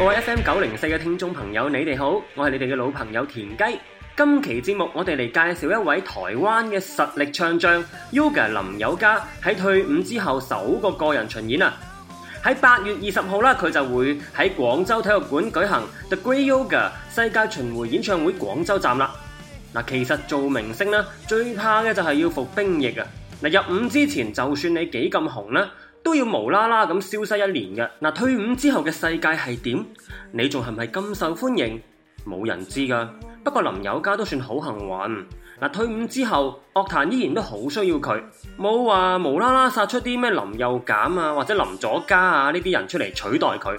各位 FM 九零四嘅聽眾朋友，你哋好，我係你哋嘅老朋友田雞。今期節目我哋嚟介紹一位台灣嘅實力唱將 Yoga 林宥嘉喺退伍之後首個個人巡演啊！喺八月二十號啦，佢就會喺廣州體育館舉行 The Great Yoga 世界巡回演唱會廣州站啦。嗱，其實做明星呢最怕嘅就係要服兵役啊！嗱，入伍之前就算你幾咁紅啦。都要無啦啦咁消失一年嘅。嗱，退伍之後嘅世界係點？你仲係唔係咁受歡迎？冇人知噶。不過林宥嘉都算好幸運，嗱，退伍之後樂壇依然都好需要佢，冇話無啦啦殺出啲咩林宥減啊或者林左嘉啊呢啲人出嚟取代佢。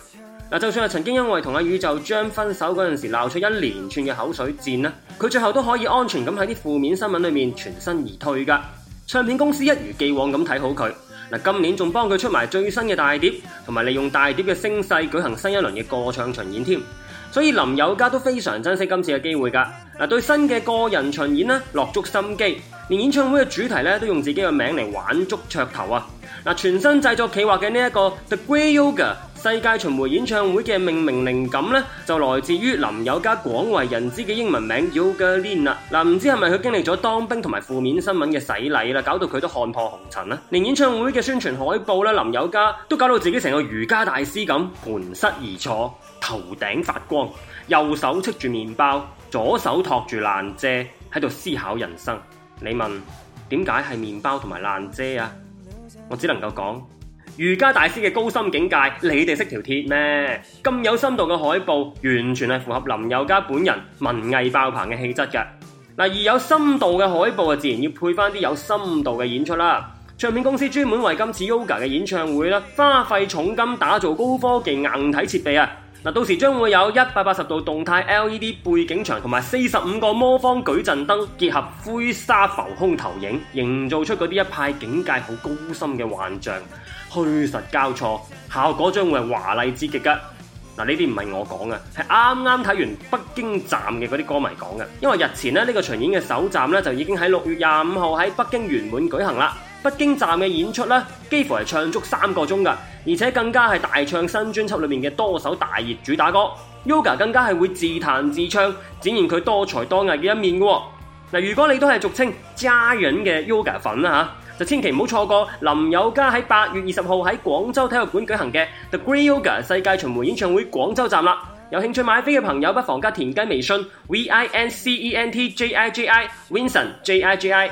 嗱，就算係曾經因為同阿宇宙將分手嗰陣時鬧出一連串嘅口水戰啦，佢最後都可以安全咁喺啲負面新聞裏面全身而退噶。唱片公司一如既往咁睇好佢。今年仲幫佢出埋最新嘅大碟，同埋利用大碟嘅聲勢舉行新一輪嘅歌唱巡演添。所以林宥嘉都非常珍惜今次嘅機會㗎。對新嘅個人巡演落足心機，連演唱會嘅主題都用自己嘅名嚟玩足噱頭啊！全新製作企劃嘅呢一個 The Grey Yoga。世界巡迴演唱會嘅命名靈感呢，就來自於林宥嘉廣為人知嘅英文名 Yoga Lin 啦。嗱、啊，唔知係咪佢經歷咗當兵同埋負面新聞嘅洗禮啦，搞到佢都看破紅塵啦。連演唱會嘅宣傳海報咧，林宥嘉都搞到自己成個瑜伽大師咁盤膝而坐，頭頂發光，右手戚住麵包，左手托住爛遮，喺度思考人生。你問點解係麵包同埋爛遮啊？我只能夠講。瑜伽大師嘅高深境界，你哋識條鐵咩？咁有深度嘅海報，完全係符合林宥嘉本人文藝爆棚嘅氣質嘅。而有深度嘅海報自然要配返啲有深度嘅演出啦。唱片公司專門為今次 Yoga 嘅演唱會，花費重金打造高科技硬體設備。到時將會有一百八十度動態 LED 背景牆同埋四十五個魔方矩陣燈結合灰沙浮空投影，營造出嗰啲一派境界好高深嘅幻象，虛實交錯效果將會係華麗之極噶。嗱，呢啲唔係我講嘅，係啱啱睇完北京站嘅嗰啲歌迷講嘅，因為日前咧呢個巡演嘅首站咧就已經喺六月廿五號喺北京圓滿舉行啦。北京站嘅演出咧，幾乎係唱足三個鐘嘅，而且更加係大唱新專輯裏面嘅多首大熱主打歌。Yoga 更加係會自彈自唱，展現佢多才多藝嘅一面嘅、哦。如果你都係俗稱家人嘅 Yoga 粉、啊、就千祈唔好錯過林宥嘉喺八月二十號喺廣州體育館舉行嘅 The Great Yoga 世界巡迴演唱會廣州站啦。有興趣買飛嘅朋友，不妨加田雞微信 Vincent J I J I Vincent J I J I。